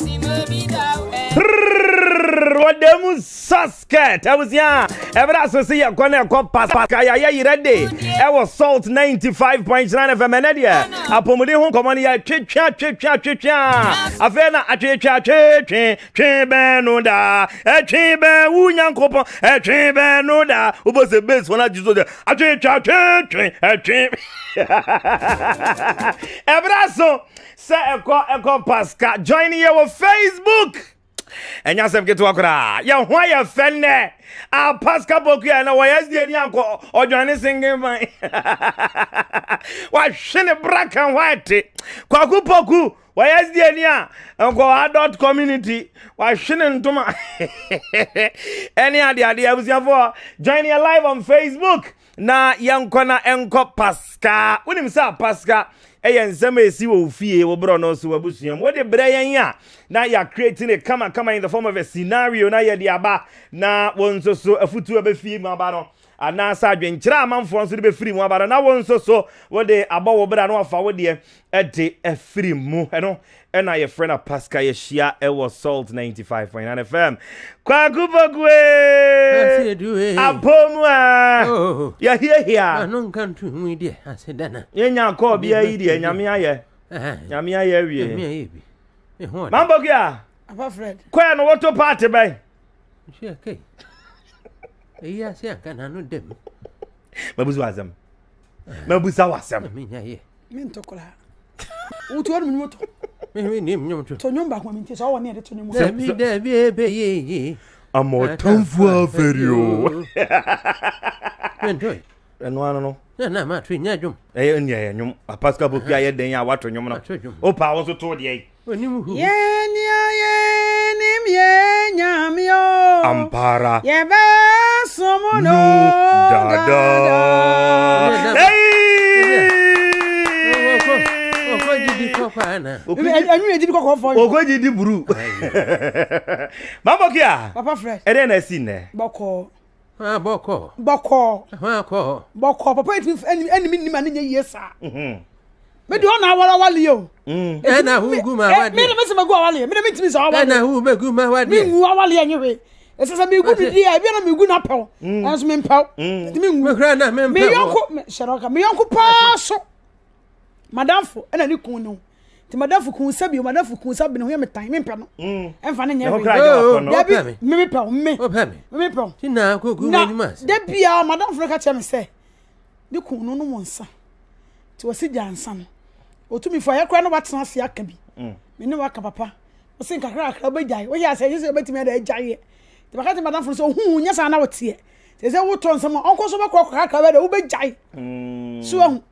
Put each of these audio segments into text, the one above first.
así me olvida mu sasket abusua ɛbɛrɛ asose yɛ kɔ na ɛkɔ pasaka yɛayɛ yerɛ de ɛwɔ salt 95 point nine fm ɛnɛ deɛ apɔmuden ho nkɔmɔ no yɛ twetwa twetwa twetwa afei na atwetwa twetwe twe bɛn no da ɛtwe bɛn wu nyankopɔn ɛtwe bɛn no da wobɔ sɛ base wɔn agye so deɛ atwetwa twetwe ɛtwe ɛbɛrɛ so sɛ ɛkɔ ɛkɔ pasaka join yɛ wɔ facebook. ɛnyɛ eh, asɛm ketewa koraa yɛho ayɛ ah, fɛ nnɛ apaska bokua na wɔyɛ sie ni ankɔ ɔdwane senke man wahwe ne bra ka ho ate kwaku poku wɔyɛ sie a nkɔ eh, adult community wahwe ne ntoma ɛne adeadeɛ abusuafoɔ join yɛ live on facebook na yɛnkɔ na ɛnkɔ paska wonim sɛ paska ɛyɛ e nsɛm a e ɛsi wɔ fie wo borɔ no so wabusua mu wode ya? yɛn a creating a kama kama in the form of a scenario na yɛde aba na wo nso so afutuo bɛfie mu aba no anaasɛ adwenkyerɛ amanfoɔ nso de bɛfiri mu abada na wo nso so wode abɔ wo berɛ a na wafa wo deɛ ɛde afiri mu ɛno ɛna yɛfrɛ no pasca yɛhyia ɛwɔ salt 95.9 fm kwaku bogwe apɔmu a yɛhiahia yɛnya kɔɔ bia yi deɛ nyame ayɛ nyame ayɛ awie mambogi a kɔɛ no woto paate bɛn eyi ase anka na ano dɛm. mabusa wasɛm mabusa wasɛm. mi nya yɛ. mi ntɔ koraa wotu hɔ nomu tɔ tɔnwom baako mi nti sɛ ɔwɔ ne yɛde tɔnwom dɛbi dɛbi ebe yeye amɔtɔnfu afɛri o ɛno ano no nana ma to nya dwom ɛyɛ nya yɛ nwom apasika bo pia yɛ den a wato nwom no opa wo so to deɛ yi hu yɛ nya yɛ mie nyame o ampara yɛbɛsom no dada ɛnuyɛ gidi kɔkɔɔ fɔ ɔkɔ gidi buru mamɔ kia papa fred ɛdɛ na ɛsi nɛ bɔkɔ bɔkɔ bɔkɔ bɔkɔ papa yɛ ti ɛnimi nima ne nyɛ yie saa mi di ɔna awara wali o. Mm. ɛna hu gu ma awali. mi ni mi sɛ mi gu awali mi ni mi ti sɛ awali. ɛna hu mi gu ma awali. mi gu awali yɛ nyewe ɛsɛsɛ mi gu mi di yɛ ebi yɛn mi gu na pɛw ɛnso mm. mi mpɛw mm. ti mi gu. mi kura na mi mpɛw. mi yɔnko sɛrɛ ka mi yɔnko paa so madamfo ɛna ne kun ne ho ti madamfo kun sɛbi o madamfo kun sɛbi ne ho yɛ mi tan mi mpɛ no. ɛnfa ne nyɛ wei dabi mi mi pɛw mi mi pɛw. ti na ko gu mi ni ma. na dabi a madamfo ne ka kyerɛ mi sɛ ne kun si gya otumi fo yɛkora no watena ase aka bi mm. me ne waka papa wosi nkakra akra wobɛgyae woyɛ asɛ yesu yɛbɛtumi ada agyaeɛ nti baka te madamfo no sɛ ohu nyɛ saa na woteɛ sɛ sɛ wotɔ nsɛm a ɔnkɔ so bɛkɔkɔkaka bɛda wobɛgyae mm. so ahu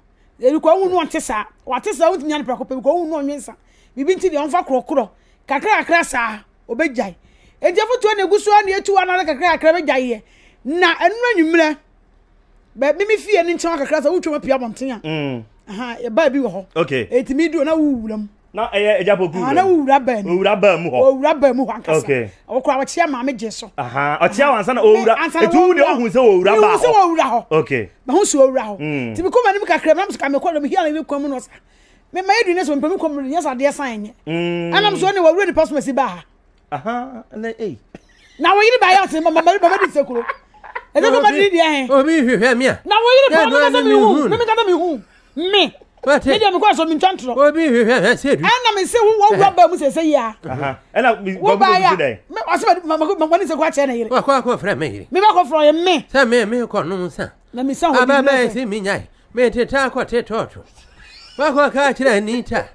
ɛdikɔ hu no ɔnte saa wate saa wotumi ane prɛkɔ pɛ bikɔ hu no ɔnwe nsa biribi nti deɛ ɔmfa korɔkorɔ kakra kakra saa obɛgyae enti afotuo na ɛgu so a ne ɛtu anara kakra kakra bɛgyaeɛ na ɛnora nwummerɛ bɛ mimi fie ne nkyɛn kakra sɛ wotwam apia abɔnten a mm ɛbaa bi wɔ hɔ ɛtumi duro na wuwura mu na ɛyɛ ɛgya bɔ gu wura na wuwura bɛn mu owura bɛn mu hɔ owura bɛn mu hɔ ankasa ɔkura ɔkyia maame gye so ɔkyia wansa na owura etu de ohun sɛ owura baa hɔ ehun sɛ owura hɔ mahu sɛ owura hɔ tibi kuma ne mu kakra mu na mu sɛ kame kɔ dɔm hiya na ebi kɔn mu na ɔsa mɛ mɛ edu ne sɛ mpɛmi kɔn mu ne yasa adeɛ san yɛ hmm. ɛnam so ne wɔwura nipa soma si baa ha na wɔyiri baa yɛ ɔtí mama mari baba di sekuro ɛdɛ sɛ ɔba di di yɛ hɛn oh, na wɔyiri baa ɔno kasa mi hu ne mi kasa mi hu me ne deɛ mekɔ sɛ mentwa ntorɔ ɛna mese wowura baa mu sɛ sɛ yi a wobaayɛ ɔsɛmane sɛ koakyerɛ ne yerekɔfrɛ me yere mebɛkɔ frɔ yɛ me sɛ me me kɔ nom sa na mesa ababɛɛ sɛ menyae meteta kɔte tɔɔto wakɔ kaa kyerɛ anita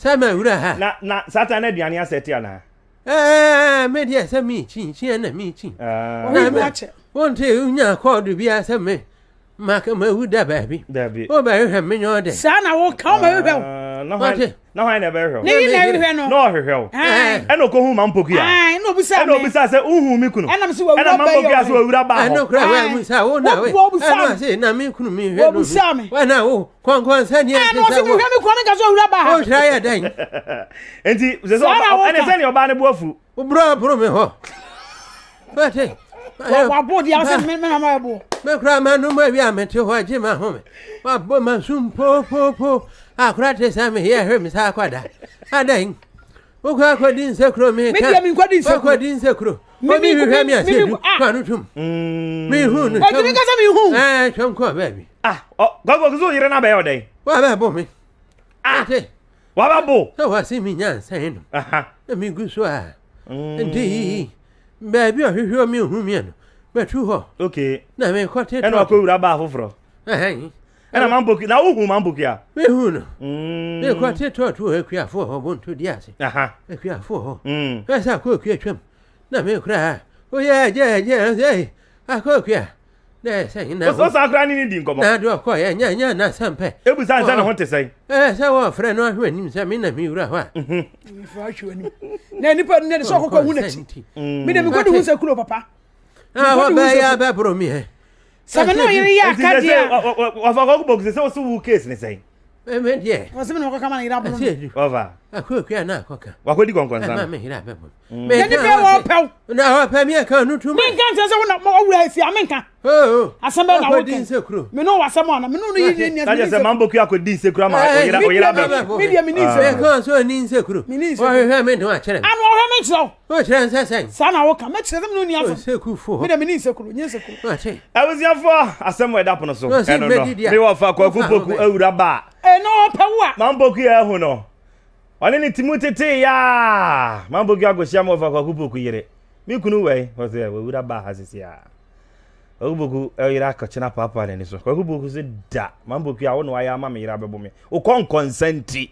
sɛ mawura ha na satan no aduane asɛ te anaa eh, eh, me deɛ sɛ mekyinkyiɛ na mekyi na wonte wonya kɔɔdo biaa sɛ me maka ma ewu da baabi. Dabi. O bɛ hwehwɛ mi nyɛ ɔdɛ. Saa na wo ka o ma hwehwɛ o. Na hwan na hwan na bɛ hwɛ o. Ne yi na hwehwɛ no. Na ɔhwehwɛ o. Ɛna oko hun ma mpoki a. Ɛna eh, obisa mi. Ɛna obisa sɛ nhun mi kunu. Ɛna mi sɛ wawura bɛyɛ o. Ɛna ma mpoki a sɛ wawura ba hɔ. Ɛna okura wɛ musa o na wɛ. Wo busa mi. Ɛna ɔsi na mi kunu mi hwɛ no. Wo na o kɔnkɔn sani ɛsɛ sɛ wɔ. Ɛna ɔsi mi hwɛ mi kɔn ne ka sɛ wawura ba hɔ. O sira yɛ dɛ. Nti sɛ sɛ ɔba ɛna sɛ ni ɔba ne bu wabɔ di ase mi mi na ma bɔ. mekura ma numu ewi ame ti hɔ ji ma home wabɔ ma sum popopo akura te sa mi yɛ hwɛ mi sa akɔda adan wokɔ akɔ di nse kuro mi kan wokɔ di nse kuro omi hwehwɛ mi ase du kwanu tum mi hu nu twɛm ɛtumi kasa mi hu ɛɛ twɛm kɔ baabi. ah ɔ gɔgɔ kisɛ oyere na bɛyɛ ɔdɛ. wa bɛ bɔ mi. ah wa bɛ bɔ. sɛ wa si mi nya nsɛn no. ɛmi gu so a. nti baabi a hwehwɛ mi ohun mi no bɛtu hɔ. ok na mi kɔ te tɔ ɛna ɔkɔ ewura baa foforɔ. ɛna maa mboki na ohun maa mboki a. mi hu no. mi kɔ te tɔ tu hɔ ekuya fo hɔ bo nto di ase. ekuya fo hɔ. ɛsɛ akɔ ekuya twam na mi kura ha oyɛ ɛjɛ ɛjɛ ɛsɛ akɔ ekuya ne sɛ ina wo sɔ akora ne ne di nkɔmɔ na de ɔkɔ yɛ nyɛ nyɛ na sɛ mpɛ ebu sa nsa ne ho te sɛn ɛɛ sɛ wɔn frɛ no ahwɛ anim sɛ mi na mi wura hɔ a. nfa ahwɛ anim na nipa ne de sɛ ɔkɔkɔ wu n'akyi mi de mi kɔ de wu sɛ kuro papa. aa wɔ bɛɛ yɛ abɛ boro mi yɛ. sɛbɛn n'o yɛrɛ yɛ akadeɛ. ɔfɔ kɔkɔ bɔ kisɛ sɛ o sɛ wu keesi ne sɛn. mɛ mɛ deɛ. ɔsɛbɛn n'o kɔ kama na yɛrɛ abolo mi. ɔfa wakɔdi kɔnkɔnsanpɛwpɛwmenka nkyerɛ sɛ wowura afia menka asɛm bɛ nawomene wɔ asɛm ana mene eh, wonoyɛsɛ mambɔku akɔdi nsekuro ma ɔyera bɛmedeɛ mene nsɛkurohwɛ me ne wakyerɛ ana ɔhwɛ me nkyerɛ wo kyerɛ sɛ sɛ saa na woka mɛkyerɛ sɛ mene onni asɛmmede oh, mene nsekuro nyɛ nsekuro abusuafoɔ asɛm wɔ ɛda pono so ɛno no eh, mewɔ fa kwaku poku awura ba a ɛno ɔpɛ wo a mambɔku yɛ ahu no ɔne ne timu tete ya mambogi akɔhyia ma ɔfa kwakupoku yere me kunu wei ɔsɛ wawura baa ha sesi a kwakupoku yere akɔkyena paapaa n'ani so kwakupoku sɛ da mamboki a wo na wayɛ ama me yere abɛbɔ me wokɔ nkɔnsa nti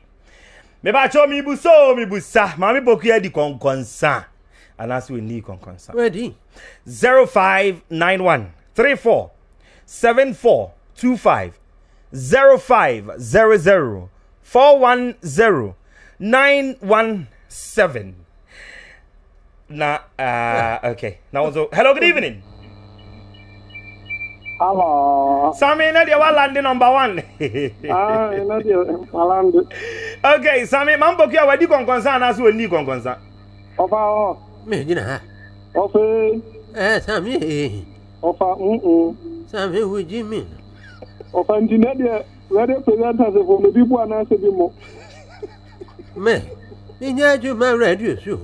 mebakyɛ mebusa o mebusa maame boku adi kɔnkɔnsa anaasɛ wɔnni kɔnkɔnsa 0591 34 7425 0500 410 917. Na, uh, okay. Now, so, hello, good evening. Hello. Sammy, na dia wa landing number one. ah, na dia land. Okay, Sammy, mambo kia wadi konkonsa na so ni konkonsa. Ofa o. Me nyina ha. Ofa. Eh, Sammy. Ofa, mm mm. Sammy wo ji mi. Ofa ndi na dia, where the presenters from the people announce bi mo. Mɛ ni nyɛ ju mɛ radio su.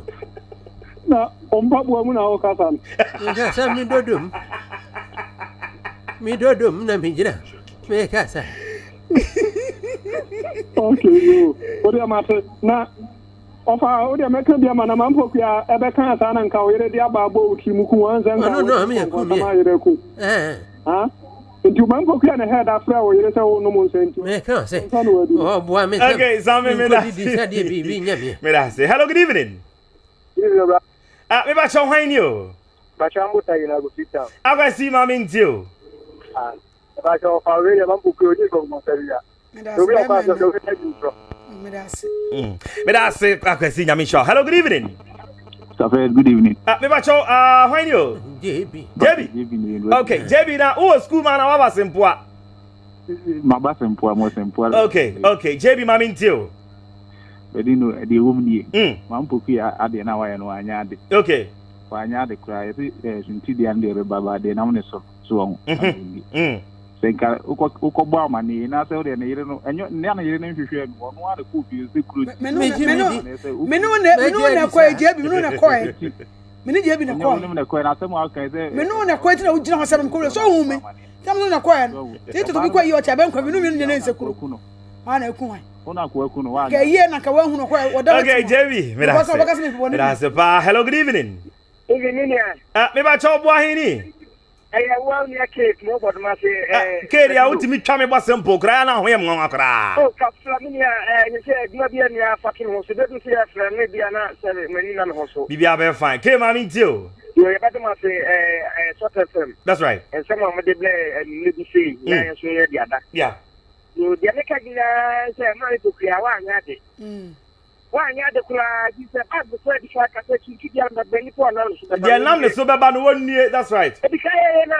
Na ɔmpa bua mu na ɔwɔ kasa no. Nka sɛ mi dodo mu. Mi dodo mu na mi gyina. Mi kasa. Ok yo. O de ma te na ɔfa o de mɛka bi ama na ma mpɔ kua ɛbɛka asa na nka o yɛrɛ de aba abɔ o tiri mu kun wa nsɛn nka o yɛrɛ kɔnkɔn ma yɛrɛ kun nti o ma n ne hɛrɛ oh, da o yɛrɛ sɛ o numu nsɛn mɛ kan sɛ ɔ buwa mi sɛ ok sanmi mi da se mi da se hello good evening. ah mi ba sɔn hɔn o. bàtà an b'o ta yìlá kò fi ta. aw ka si maa mi n ti o. ah bàtà o fa wele ma n o ni sɔn ma fɛ ya. tobi a ko a sɔ dɔ wɛrɛ bi sɔrɔ. mi da se aw ka si ɲami sɔ hello good evening. Safed, good evening. Uh, ah, Mebacho, uh, ah, when you? JB. JB. Okay, JB, now, who was school man? I was in Pua. Maba Sempua, more Sempua. Okay, okay. JB, my mean, too. But you know, the room here. Mam Puki, I didn't know I know Okay. had it. Okay. Why, I had the cry. E Since eh, the end, the Baba, the nominee so long sɛ nka wokɔ bɔ amanneɛ na sɛ wodeɛ ne yere no ɛnyɛ ne yere no nhwehwɛ no ɔno a ne kɔɔ fie sɛ kuro mene ne paa hello good evening evening a mebakyɛ uh, woboaheni ɛyɛ wɔn yɛ keeki mo bɔdɔ ma se ɛɛ. keeki awo ti mi twa bɔ se mpo kura n'a yɛ mu ŋɔŋa o ka fila ni a ɛɛ n sɛ juma bi yɛ ni a fati ho so bɛɛ dun ti yɛ fila mi bi a na sɛbi mɛ ni na ni ho so. bibi a bɛ fan keeki maa mi ti o. yoo yɛ bɛ dama se ɛɛ ɛɛ sɔtɛ fɛm. that's right. ɛnsɛm a mo de bila ɛɛ nebi se yi n'a yɛ so yɛ di a da. yoo deɛ ne ka gina sɛ maa mi wanyɛ ade koraa bi sɛ bible so adi so akasa kyinki bia mbɛbɛ nipa ɔna no so bɛba deɛ nam ne so bɛba no wɔnnie that's right ebi ka yɛyɛ na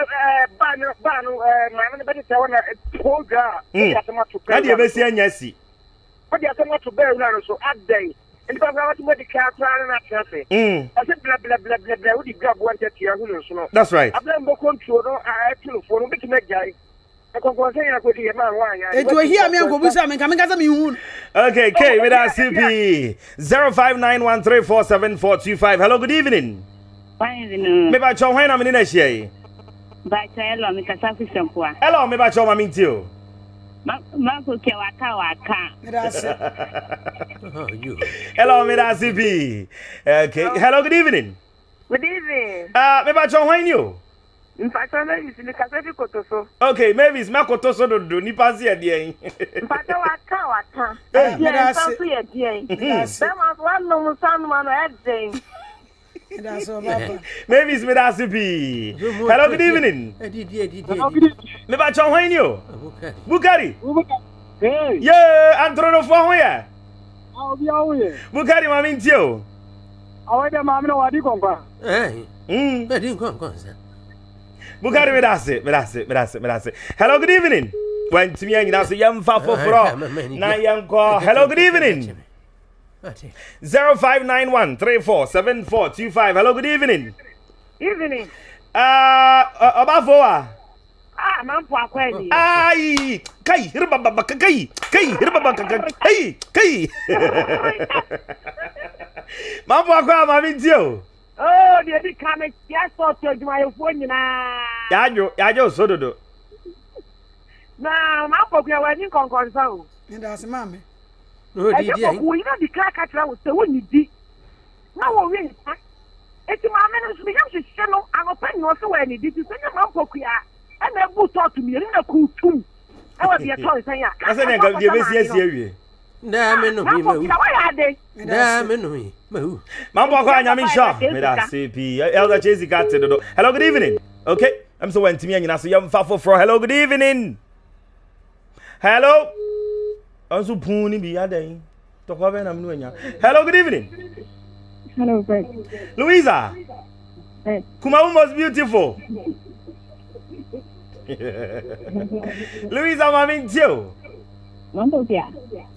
baa no eh, baa no maame no bɛde sɛ wɔ na pɔɔ dwa a ɛde asɛm ato bɛɛ ɛde ɛbɛsi anya si wɔde asɛm ato so adɛn nipa koraa wɔte wɔde kaa koraa no n'atena se ɔsɛ blablablablabla wodi bra Ètò èyí àmì ẹ̀kọ́ bú sí àmì nǹkan mi Ok, K, mi dá CP zero five nine one three four seven four two five. Hello, good evening. Mi bá tọ́ wẹ́n náà mi ní náà ṣe yìí. Bàtà ẹ lọ mi kásá fi sẹ̀kọ́ wa. Ẹ lọ mi bá tọ́ ọmọ mi ti o. Máàkù kẹ wà ká wà ká. Ẹ Hello, good evening. Good evening. Uh, mi bá tọ́ wẹ́n ni o mpatɔ mavis mikasa fi kotoso. ok mavis ma kotoso dodo nipa si yɛ deɛ yi. mpatɔ wa ka wa ka. ɛɛ yɛ nsa so yɛ deɛ yi. bɛɛ ma fɔ wa numu sanuma no ɛ deɛ yi. mavis mi daa se pii hello good evening. meba kyɛn hɔn ni o. bukari. Bukari. yee antorodofo ho yɛ. bukari maame n tie o. awɔ dɛ maame na wa di kɔnkɔn. ɛɛ bɛɛ di nkɔnkɔn sɛ bukari mi daase mi daase mi daase mi daase hello good evening wɛntumi yɛn nyinaa so yɛmfa foforɔ na ko. hello good evening zero five nine one three four seven four two five hello good evening. evening. Uh, wa. Uh, ah maa n fɔ riba baba de. ayi riba baba kayi kayi ribababa kayi kayi maa n fɔ akɔ yɛ maami ti o oo oh, deɛ di kan no yɛ sɔɔtɔ adwumayɛfoɔ nyinaa. yagyo yagyo osododo. na maa pɔkuya wɔ ani nkɔnkɔnsa o. ndaasi maame. ɛyɛ pɔkuya yina di kan kakyira wo sɛ wɔn di na wɔn wi nsa eti maame no nso mi yam hyehyɛ no anɔpɛ nyina ɔsɛ wɔ ani di ti sɛ nyɛ maa pɔkuya ɛna ebu tɔɔtu mi yɛn na k'u tum ɛwɔ deɛ tɔɔ nsɛn yɛ. ɛsɛ ne nka deɛ bɛ siesie wie. ndaami no mi ma wu ade. dɛ me nomi mawu. mambo akɔ anyame nhyɛ meda ase elder chesi ka te dodo hello good evening okay I'm so ɛm sɛ wantumi anyina so yɛmfa fro. hello good evening hello ɔnso puu ne bi adɛn tɔkɔ bɛ nam no anya hello good evening hello Greg. louisa Greg. kumawu most beautiful louisa mami ntie o mambo bia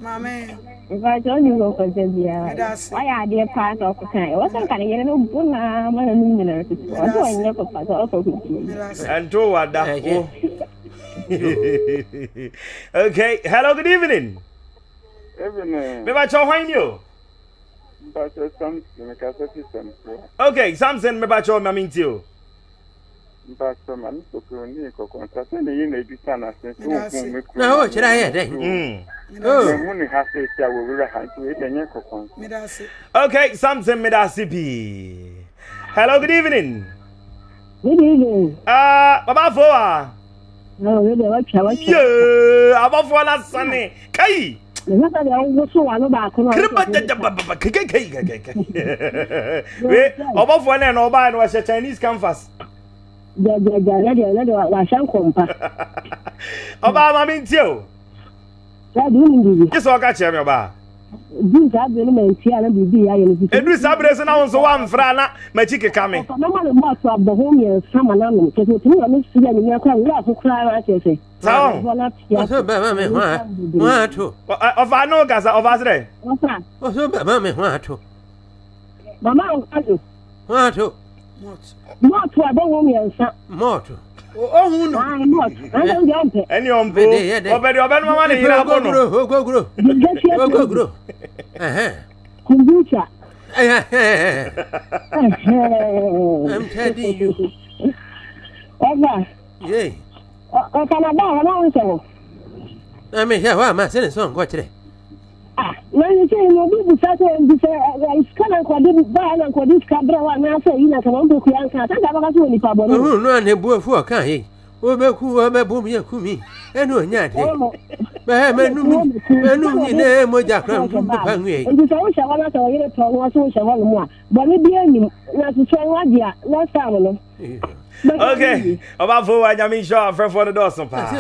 mame mpakyɛ ɔne nkɔkɔsɛ biara ɔyɛ adeɛ paa sɛ ɔkokae wɔsɛ nka ne yere no bu naa ma no nom nyinaa tete ɔsɛ ɔnyɛ kɔpa sɛ ɔsɛ ɔkɔtie ɛnto wada wo oh. okay hello good evening evening mebakyɛ hwan ni o mebakyɛ samson mekasɛ samson okay samson mebakyɛ ɔma me nti o ba saman mm. mm. oh. okay something midasi bi hello good evening good evening ah uh, baba fo ah no we de wa cha wa cha ye abafo na sane kai we ɔbɔfoɔ no ɛna ɔbaa no ɔhyɛ chinese canvas gyagyaga na deɛ na deɛ wahyɛ nkɔmpa. ɔbaa maa mi n tie o. ɛdi wuli bibi. gye sɛ ɔka kyerɛ mi ɔbaa. bi nsa abiri ni ma n tie ana bibi yɛ ayɛ ne fifi. edu nsa abiri so na nso wa nfra na ma ekyi keka mi. ɔkọ mɛma ne mu ato abɔho mmiɛnsa ma n'anum kɛse o ti mi wɔ ne sigi ɛni nyɛ kɔ nwura akokora ara kyerɛ sɛ. sáwọn ọsọ bẹẹ mi hàn án ato. ọfà anú gàsa ọfà srẹ. ọsọ bẹẹ mi hàn án ato. mama nkwado. hàn ato mọọtụ abụọ mmiɛnsa. mọọtụ. ohun nọ. mọọtụ ndị ndị ọmpụ. ẹni ọmpụ ọbẹdi ọbẹni mama ni yiri abọ nọ. okokoro okokoro. kọmputa. I'm telling you. ọba. ọ̀kanà báwo báwo sọ̀rọ̀. ẹ̀mí ìyá wa máa sẹ́ni sọ̀rọ̀ nǹkan kyerẹ́ nane sɛ mɔbi busa sɛ mbisɛ sika na nkɔde oh, eh. eh, oh, baa eh, oh, na nkɔde sika berɛ wa anaasɛ yi na kama mpɛkua nka sɛ da bɛka sɛ wɔ nipa bɔne ɔhu no a ne bu afu ɔka ye wobɛku ɔbɛbɔ mu yɛku mi ɛne ɔnya de bɛɛ mɛnum mɛnum nyinaa mogya kora mpa nwee nti sɛ wohyɛ hɔ no sɛ wɔyere tɔ no wɔ so wohyɛ hɔ no mu a bɔne biaa nim na sosɛ wo okay ọba fún wa nyame nsọ afẹfọ dodo ọsùn paa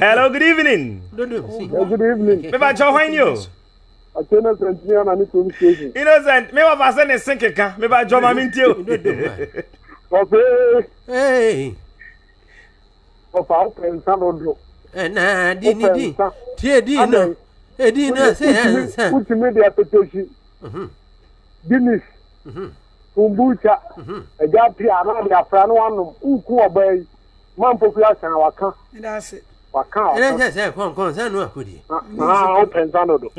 hello good evening good evening bébà jọ hwan ni o. àti innocent ní àná ní police station. innocent mi wà fà sẹ́ ní sin kankan mi bá jọ maami ntí o. ọ̀fẹ́ ọ̀fà ọ̀fẹ́ nsán lọ́dọ̀. ẹ̀ náà di ni di tí èdè náà èdè náà sẹ́yà nsán. kùtùmí di apẹtẹ sí mhm. guinness. Mhm kombucha ɛgya pii anaa de afra no wanom nku ɔbaa yi ma mpoku asan waka waka ɛnɛ sɛ kɔnkɔn sɛ no akodi aa o pɛnsa no do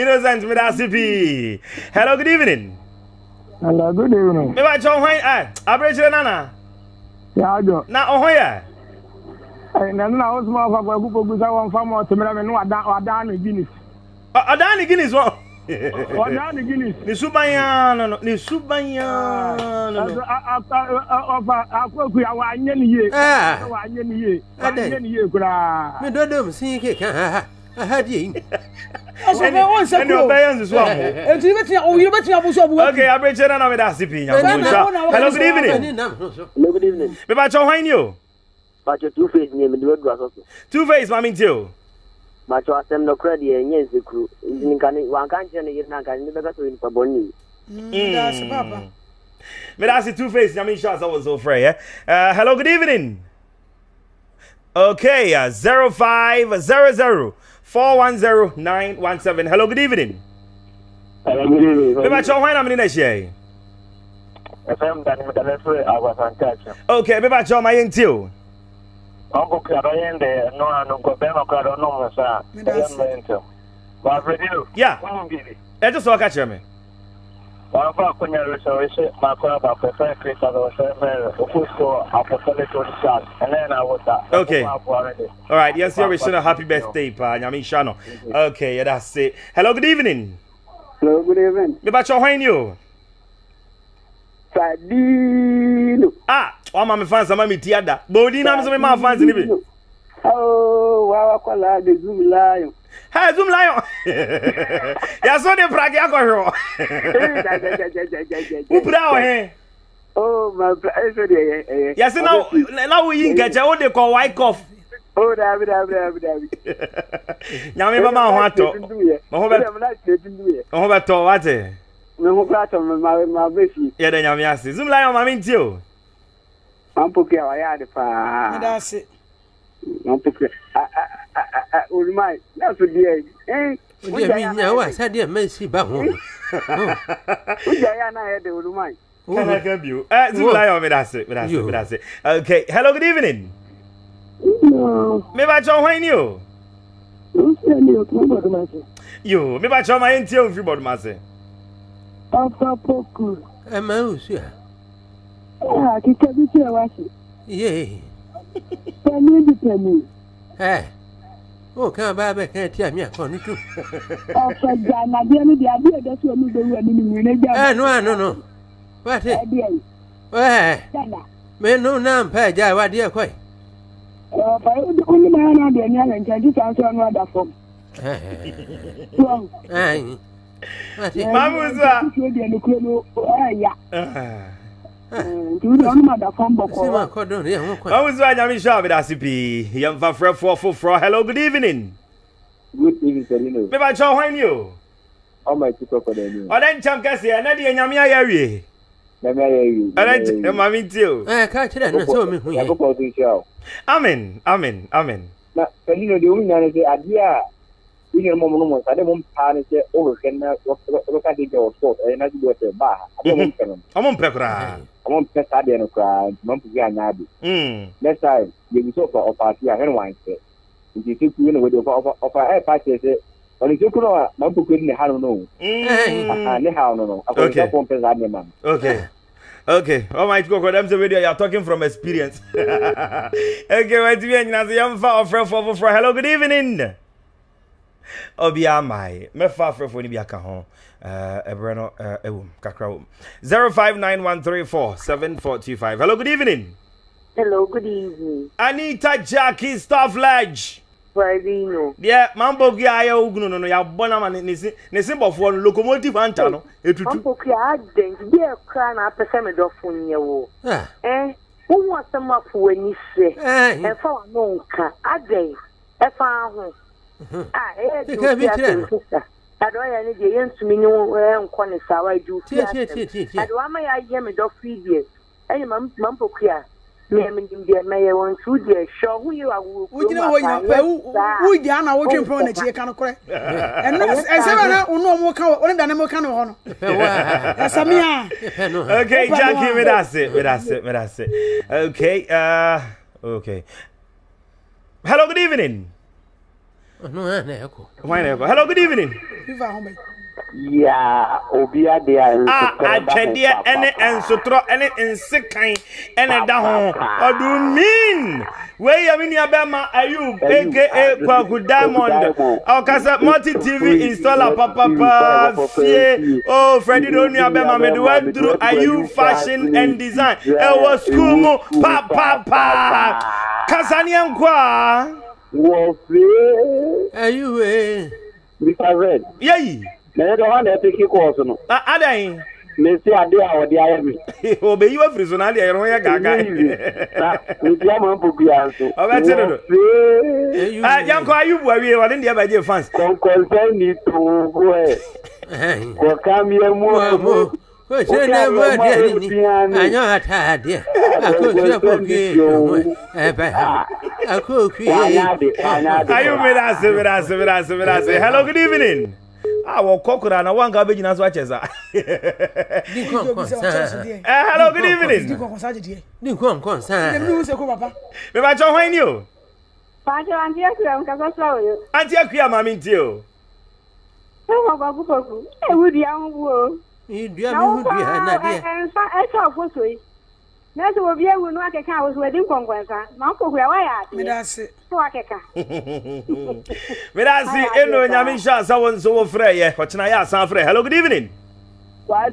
innocent mi da ase pii hello good evening. hello good evening. mi ba kyɛ ɔhɔn ɛ abirikyire nana. yaajɔ. na ɔhɔn yɛ. ɛɛ nanu na o suma ɔfɔ akɔ ɛkú kogu sɛ wɔn fa ma ɔtɛmɛrɛ mi ni wa dan ne guinness ọ̀dàní guinness. ní subanyan nọ ní subanyan nọ. ọba akókò yà wà á nyẹ nìyé. wà á nyẹ nìyé wà á nyẹ nìyé kura. mi dodo mi sin keke ha di eyin. ọsọ ẹni ọbẹ yẹn nsusu àmọ. etu yìí bẹ tiẹ òun yìí bẹ tiẹ ok abirikye nana mi da asi pin yan mo sa hello good evening. hello good evening. bíbá àjọ hwan ni o. bàjẹ́ two face ni èmi ni wọ́n dùn aṣọ two face maami n tẹ o macho asɛm nɔkora deɛ ɛnyɛ nsekuro nti nka ne wanka nkyerɛ no yere no anka ne bɛka sɛ onipa bɔne yi medase two face nyame nhyɛ sɛ wo so frɛ ɛ uh, hello good evening okay uh, 0500 410917 uh, hello good evening hello good evening mebakyɛ hwan na mene na hyiae ɛfɛ mdane medane frɛ awasantakyɛ okay mebakyɛ ma yɛntio ɔnko kura ɔyɛ ndɛ no ano nkɔ bɛrima kura dɔ ɔnum nsa ɔyɛ mmerɛ ntɛm wa afredio. ya ẹ ti sọ ọka kyerɛ mi. wọn fa akonya reservation mako aba fẹfẹ kirisa lọ fẹfẹ oku so afọfẹlẹ tó ti sàn ẹnẹ na wọta. okay all right yẹn si ọ resin a happy birthday pa nyame nhyia no ok, yẹ da se hello good evening. hello good evening. mi ba kyerɛ hwan ni o. Fadilo. Ah, wama mefansa mami tiada. Bodi na mzome ma fansi nibi. Oh, wawa kwa la de Zoom Lion. Hey, Zoom Lion. ya so de pragi yako sho. Upra o he. Oh, my eso de eh eh. Ya se na na wo yin gacha o de ko white cough. Oh, dabi dabi dabi dabi. Nyame baba ho ato. Mo ho be. Mo ho be to wate me ho kura tɔn ma ma bɛ fi. yɛ dɛ nyame ase zoom line ɔma mi nti o. mampoke a wayɛ ade paa. ɛda ase. mampoke a a a a olumai n'a so deɛ ɛn. Eh, o deɛ mi nya wa sa deɛ mɛ si ba ho. o jɛ ya n'a yɛ de olumai. kana oh. kan bi o ɛ eh, zoom line ɔmi da ase mi da ase mi da ase okay hello good evening. mi ba jɔ hɔn ni o. o n sɛ ni o tuma bɔ duma se. yo mi ba jɔ ma e n tiɲɛ o fi bɔ duma ọba poku. ẹ máa ń sùn à. àkíkẹ́ bí tí ẹ wá sí. pẹ̀lú ìdí pẹ̀lú. ẹ o kàn bá bẹ kàn tí àmì àkọ nítò. ọ̀pọ̀ ìjà ànàbí ẹni di abí ẹ̀dọ́ sí omi ìgbéru ẹni nìyí ní ìjà. ẹ nù ànú nù wá sí. ẹ bí ẹ yìí. ẹ mi nù náà ń pẹ́ ẹja ìwádìí ẹ̀kọ́ yìí. ọ̀pọ̀ onímọ̀ ẹ̀ náà dẹ̀ ní àlẹ́ nǹkan títà ń sọ ọ́nú àdàfọ́ mamusa mamusa nyame hyɛ a mede ase pii yɛmfa frɛfoɔ foforɔ hello good evening mebakyɛ hwan ni o ɔdɛ nkyɛm kɛseɛ ɛnɛ deɛ nyame ayɛ awie mame ntie o amen amen amen na sɛnino deɛ wo nyinaa ne sɛ adeɛ a wo nyɛ mɔmu no mu nsa ne mu paa mm. ne sɛ ɔhwehwɛ na ɔbɛka de gya ɔsɔ ɛyɛ na gye sɛ baa adeɛ ɔmo mpɛ no ɔmo mpɛ koraa ɔmo mpɛ saa deɛ no koraa ntoma mpɛ bi anya ade next time yɛbi sɛ ɔfa ɔfa ati a hɛn wan sɛ nti sɛ kuru na wɔde ɔfa ɔfa ɛyɛ pa kyerɛ sɛ ɔno nso kuru ma mpɛ kuru ne ha no no ne ha no no akɔnfɛfo mpɛ saa nneɛma no okay almighty oh god god i'm so radio you are talking from experience okay wetin yẹn nyina so yẹn fa ọfrẹfọ foforọ hello good evening obi amae mɛfa afrɛfoɔ no bi aka ho ɛberɛ uh, no ɛwom uh, kakra wom 0591347425 hello good evening hello good evening anita jackie staffledge Deɛ yeah, mambo kia ayɛ ogunu no no yabɔ nama ne se ne se bɔfoɔ no locomotive anta no etutu. Mambo kia adɛn bi ɛkura na apɛsɛ mi dɔfo nyɛ wo. Ɛn wohu asɛm afɔ w'ani sɛ. Ɛfa wa n'onka adɛn ɛfa ho. ɛyɛ deɛ adɔyɛ no deɛ yɛntumi ne nkɔ ne saa waadu ade wama yɛayɛ me dɔfo yi deɛ ɛne mampɔku a meɛmenim deɛ mɛyɛ wɔ nti wo deɛ hwɛ ɔho yɛ wogyina hɔ nyinawogyaa na wotwe mpɛ nakyiɛ ka no korɛ ɛsɛ bɛ na wone ɔmo ka wone dane mo ka no hɔ no ɛsɛme a okay jacki meda ase meda ase meda ase okay uh, okay hello good evening Oh, eh, eh, hello good evening ya obi ade a atwɛdeɛ ɛne nsotorɔ ɛne nsekan ɛna da ho ɔdumin wei yɛ me nua bɛma ayub aka kwaku diamond ɔkasa oh, multi tv installer papapa fie o fredi de onua bɛma mede waduru ayub fashion and design ɛwɔ eh, school mu papapa kasaneɛ nko a Wofe. Ayiwe. Mr. Red. Yeyi. Na yɛ dɛ ɔha na ɛte ki kɔɔso no. A ada yi. Mesi ade a ɔde ayɛ mi. Obeyi wa firi so na ade a yɛrɛ ho yɛ gaagaa. Na nti ama mpo bia nso. Ɔbɛ ti dodo. Wofe. A yankɔ ayi bu awie wa ne deɛ bɛ gye fans. Kɔnkɔnsɛn ni tuwo ɛ. Kɔkamiɛ mu ɔmu kòsìrè náà bọ̀ díẹ̀ nìní àyàn àtàdé àkókò kòkè ìṣòwò ẹ̀bẹ̀ àkókò ayé mìíràsì mìíràsì mìíràsì mìíràsì hello good evening àwọn kọkùnrin àná wọn kàn bẹ́jì náà sọ àchẹ̀sà. ẹ hello good evening. ní nǹkan kan sáà. bẹ́ẹ̀ bá jọ wọ́n ní o. pàṣẹ àǹtí ẹ̀kúyà nǹkan sọ́sọ́ òyò. àǹtí ẹ̀kúyà màmí ntí o. ṣé wọn kọ púpọ̀ kù ewu dua mi ho dua na deɛ eh, nsa ɛsɛ eh, ɔfoso yi na obi awu no akeka a wɔsowadi nkɔnkɔnsa ma nkɔhura woayɛ adeɛ meda ase akeka meda ase onyame ah. nhyɛ asa wo nso wofrɛ yɛ ɔkyena yɛ asa frɛ hello good evening eh.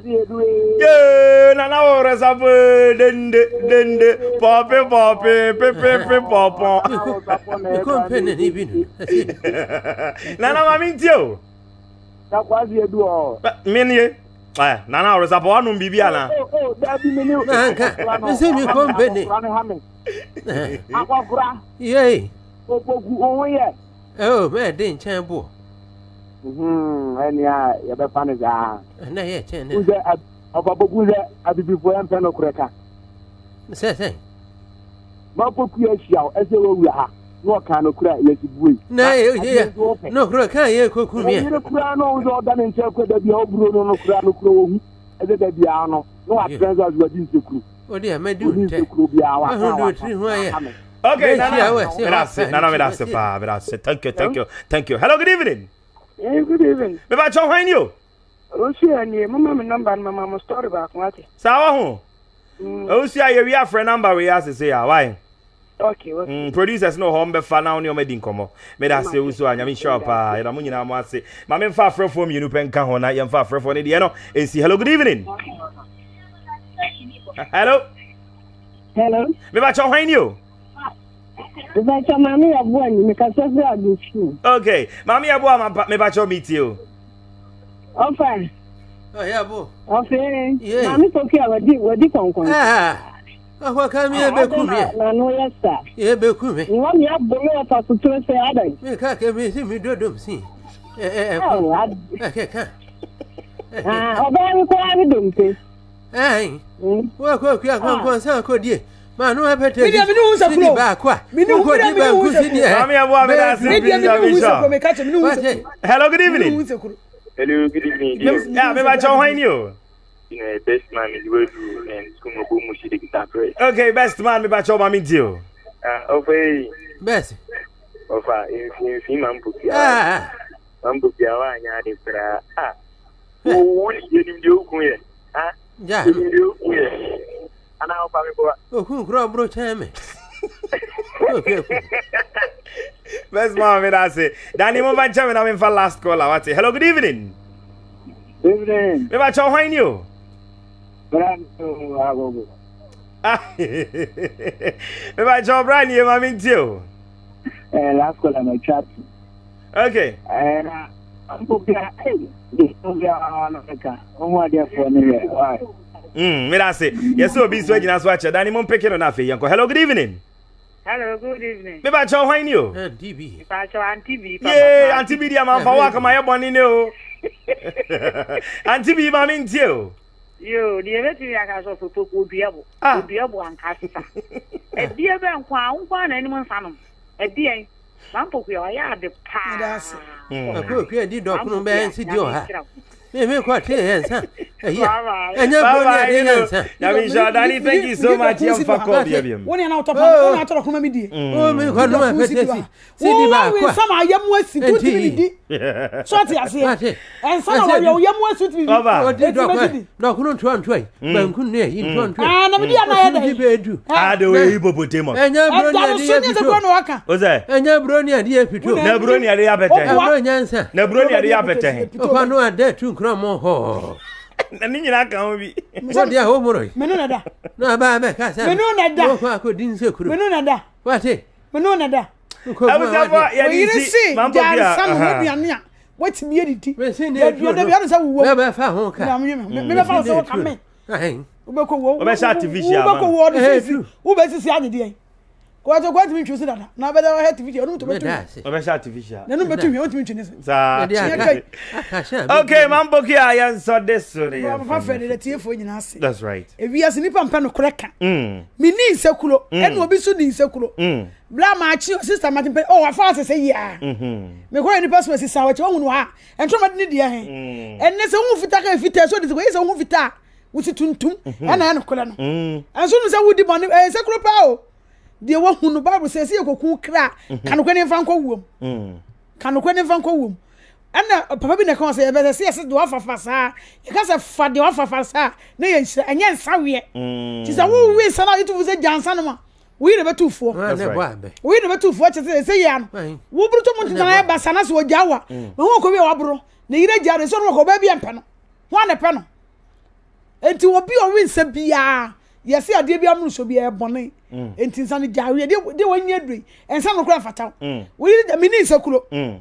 nana wɔrɛ sapo dende dende pɔpi pɔpi pepepe pɔpɔ nana ma mi n tie o. min ye. Eh, nana ɔresa bɔ ɔnum biribi ana. Dabi mi ni o. Nka misi mi ko n bɛ ne. Akɔfura. o Opogu ohun yɛ. Oo bɛɛ de nkyɛn bɔ. Ɛni a yɛbɛ fa ni zaa. Ɛnna yɛ kyɛn ne. Nzɛ ɔbɔbogu nzɛ abibifo yɛn pɛ n'okure ka. Sɛ sɛ. Mɛ opoku yɛ si awo ɛsɛ wo wura ha n'o kan ah, no kura yɛ ti bue. na ye ye n'o kura kan ye ko kun mi yɛ. yiri kura n'o zɔ da ni nkyɛn ko dabi aw buru n'o kura n'o kura o hu ɛdɛ dabi aw no n'o wa tɛn zɔ azuwa di nsekuru. o oh, de yɛ mɛ di o tɛ ahun do tiri hɔn yɛ. okay nana gracias nana gracias pa gracias thank you thank you thank you hello good evening. Yeah, good evening. bɛ b'a tɔn hɔn ye o. o su yɛ nin ye mun ma mi nɔmba ni ma ma mo sɔɔri b'a kun wa ten. sawa hun. Mm. o su yɛ wi a fɛ nɔmba wi a sise ya wa ye. Okay, okay. Mm, producers no hɔ mbɛfa na wo ne ɔma di nkɔmmɔ meda asɛ wo so a nyame nhyɛ paa yɛda mo nyinaa mo ase ma memfa afrɛfoɔ mmienu pɛ nka ho na yɛmfa afrɛfoɔ no deɛ no ɛnsi hello good evening hello hello mebakyɛ hwan ni o mebakyɛ maame yɛboa ni mekasɛ firi adosuo okay maame yɛboa mebakyɛ metie o ɔfa ɔfɛ oh, maame kɔki a wɔdi kɔnkɔn ahwaka mi ebe ah, ku mi na no yesa ebe ku mi nwa mi agbo mi ota tutu se mi ka mi si mi dodo si eh eh ko ke ka ah oba mi ko ari do mpe eh wo ko ku akwa ko san ko die ma no ebe te mi mi nu sa pro ba kwa di ba ku si die ma mi abo abi da si mi mi nu hello good evening hello good evening yeah me ba chon ni o you know, best man is way to and school mo boom she dey guitar play. Okay, best man me ba cho ma deal. Ah, uh, ofe. Best. Ofa, in in fi man bu kia. Ah. Man bu kia wa nya de pra. Ah. Wo wo ni je ni de okun ye. Ah. Ja. Ni de okun ye. Ana o pa mi ko. Okun kro bro cheme. Best man me da say. Danny mo ba cheme na me fa last call awati. Hello, good evening. Good evening. Me ba cho hwan you? meba kyɛ ɔbra ne yɛma mentie o laskola matwa to ok Mm, mira se yɛsɛ obi so agyina so akyɛ da ne mompeke no no afei yɛnkɔ hello good evening Hello, good evening. Me ba cho hwan ni o? Eh, DB. Me ba cho Auntie B. Ye, Auntie B dia ma eh, fa wa kama ye boni ne o. Auntie B ba mi ntie o yoo deɛ ebɛtumi aka sɛ ɔfɛ foko odua bɔ odua bɔ anka sisan ɛdeɛ bɛ nko a nko a n'anim nsa nom ɛdeɛ maa mpoko yɛ ɔyɛ ade paa. ɛkó okú yɛ di dɔkunu bɛ ɛnsi di ɔha mi mi kɔ te yɛ nsa. Hey, eh, yeah. Bye bye. Eh, bye bye. You know. Yeah, me sure, Daddy. Thank you so much. You for call, dear Bim. When you now talk, when you talk, come me di. Oh, me go no me see. See di ba. Oh, some I am west. Two to me di. So ti ase. And some of you am west to me. Baba. O di do ko. No, ku no twa ntwa. Ba nku ne, in twa ntwa. Ah, na me di ana ya da. Di be du. Ah, the way ibobo temo. Enya bronia di ya fitu. Oze. Enya bronia di ya fitu. Na bronia di ya bete. Na bronia nsa. Na bronia di ya bete. Ko no ade tu nkra mo ho na ne nyinaa ka ho bi sɛde a womorɔi meno na da na abaa bɛka sɛ meno na da wokɔ akɔdi nsɛ kuro meno na da wate meno na da abusafo yɛde nsi mampa bi a ɔyere se dansa mo ho duane a watumi yɛ didi yɛduada bi ano sɛ wowɔ mɛbɛfa ho ka mebɛfa wo sɛ woka me wobɛkɔ wɔ wobɛkɔ wɔ wobɛkɔ wɔ wobɛsisi ade deɛ wọ́n kọ́ tìmí twèsí dada na abẹ́dá wọ́n hẹ́ tìmí twèsí ọdún tó bẹ́ẹ̀ tún ọbẹ̀ ṣe artificial nínú bẹ́ẹ̀ tún yẹn wọ́n tìmí twèsí saa ok maa n bọ kí a yà nsọ de so de fún mi. bàbá fẹ́ de tiẹ̀ fún yìnyín ase. that's right. ebi yasi nipa mpẹ nukurẹ kan. Mm. mi ní nsẹkulo ẹni mm. obi sún ní nsẹkulo. Mm. bila maa kyi o sista mati mpẹ ọ wà fọ asese yia. Oh, mi kọ́ yẹ nipa sọ esi san wọ́ọ̀kye ọ̀hún wa ẹ̀ntọ́mọdé mm-hmm. ni diẹ hẹ́n ẹ̀nẹ́ sẹ́ ń fita ká efita ẹ̀sọ́ de sẹ́ wọ́n yẹ sẹ́ ń fita wosi tuntum ẹ̀nà ẹ̀ nìkúrẹ́ no ẹ̀nso ni sẹ́ wudi bọ̀ ẹ̀ eh, sẹ́kúrò paa o deɛ wahu no bible sɛ sɛ yɛkɔku kra mhm. kanokɔ ne mfa nkɔ wuom mm. kanokɔ ne mfa nkɔ wuom ɛna uh, papa bi na ka sɛ yɛbɛsɛ sɛ yɛsɛ deɛ wafafa saa yɛka sɛ fa deɛ wafafa saa na yɛnhyira ɛnyɛ nsaweɛ mm. nti sɛ wowe nsa no a yɛtufu sɛ gya nsa no ma woyi na bɛtu ufuo woyi na bɛtu ufuo kyɛ sɛ ɛsɛ yia no woburu to mu ntena yɛ basa na sɛ wɔgya wa ma mm. ho akɔbi a waboro na yire gya no ɛsɛ no wɔkɔ ɔbaa bi ɛmpɛ no ho a na pɛ no nti wɔbi a nsa biara yɛsɛ adeɛ bi amuru so biara Mm. nti nsa no gya awie de wɔnyɛ aduro yi nsa no kora fata wo mm. woyi gya mene nsa kuro mm.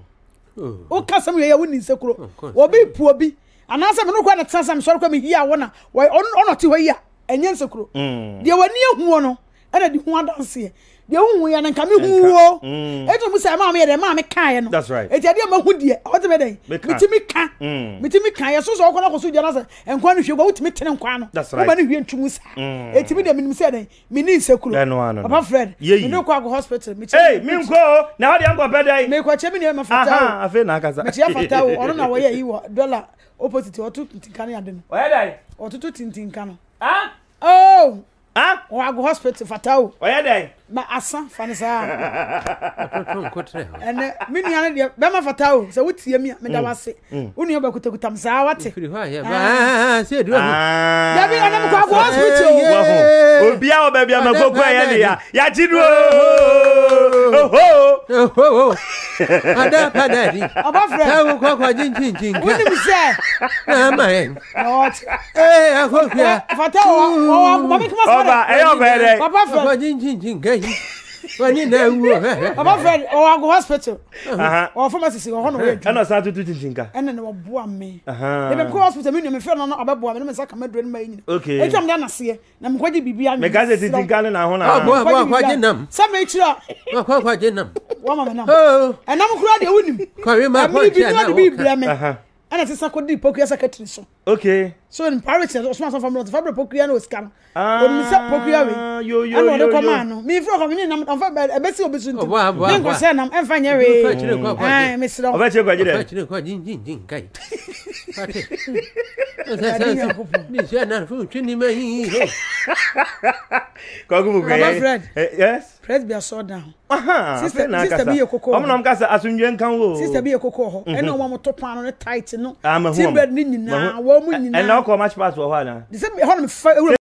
oh. woka sɛm yɛyɛ wo ni nsa kuro oh, wɔbi puo bi anaasɛ mene kora na tena sɛ mesɔre kora meyi a wɔ na ɔnɔte hɔ yi a ɛnyɛ nsa kuro deɛ w'ani ahuɔ no ɛna de ho adanseɛ deɛ wohu yɛ no nka mehu wo mm. ɛtum sɛ ma meyɛ dɛ ma me kaeɛ no ɛti adeɛ mahu deɛ ɔtemi dɛn metumi ka mm. metumi ka yɛso sɛ wokɔ no akɔ so gya no sɛ nkwa no hwɛ ba wotumi tene nkwa no woba no hwie ntwum saa ɛtumi mm. deɛ menim sɛ dɛn mene nsɛkuro papa fred mene kɔ akɔ hospital menkɔ na wode ankɔpɛ dɛn mekɔkyɛ me nneɛma fata mekyea fata wo ɔno na wɔyɛ yi wɔ dɔla opposite ɔto tintinka no yɛde no ɔyɛ dɛn ɔtoto tintinka no ɔwɔ ah? oh! ah? agɔ hospital fata wo ba asa fani saa ɛnɛ mi nua no deɛ bɛma fata o sɛ wotie mi a meda wase wo nua ba kutakuta m saa wate dabi ɛnam kɔ akɔ hospital obi a wɔ baabi a makoko ɛyɛ ne ya yagye no ada padari ɔbɔfrɛ ɛwo kɔkɔ gyinkyinkyin ka wonim sɛ na ama ɛ akɔkua fata wɔ wɔ mɔmekema sɛ ɔba ɛyɛ ɔbɛɛ dɛ ɔbɔfrɛ kɔkɔ gyinkyinkyin ka yìí wọ́n ní náà ewu ọ̀hẹ́. ọba fẹ ọwọ ago hospital ọwọ pharmacy si ọhọ na ọyẹ ju. ẹnna ọsàn tuntun ti jìnkà. ẹnna ni wọ́n bu àmì. ebi nkó hospital mi ni mi fẹ́ nọ ọbẹ̀ bu àmì ní mi sá kàmá duro ní ma yín ni. ok etu àmì dáná seẹ na mi kọ́ di bìbí àmì. mẹka ṣe ti jìnkà ni na ahọ́n na. ọkọ ọkọ ọkọ ajé nam. sẹ́mi ekyir a. ọkọ ọkọ ajé nam. wọ́n mọ̀ mi nam. ẹnam kúrò de ewu ni mu. kọ̀wé máa pọ̀ ní so in paris ɔsoma sɔfo mi ɔtɔfɔ bɛrɛ pokuya na osika no onimisa pokuya wei ɛna ɔde kɔ maa no mi fura kɔmi ne nam ɔfɔ ɛbɛsi obi so nti ne nkɔ sɛ nam ɛnfa nyɛ wei ɛn misirɔ ɔfɛ kyerɛ kɔji dɛ ɔfɛ kyerɛ kɔji nji nji nka yi pate mi sɛ na fún tí ni ma yi yi hɛ. kɔkun mu kɛyɛ robert fred fred bi asɔ dan sista bi yɛ koko hɔ ɔmu nam kasa asunjɛ nkan wo sista bi yɛ koko hɔ ɛna wɔn mo to pan no ne tight no ah, timbre ni nyinaa wɔn mu nyinaa. Eh, akɔ match pass wɔ hɔ ana. de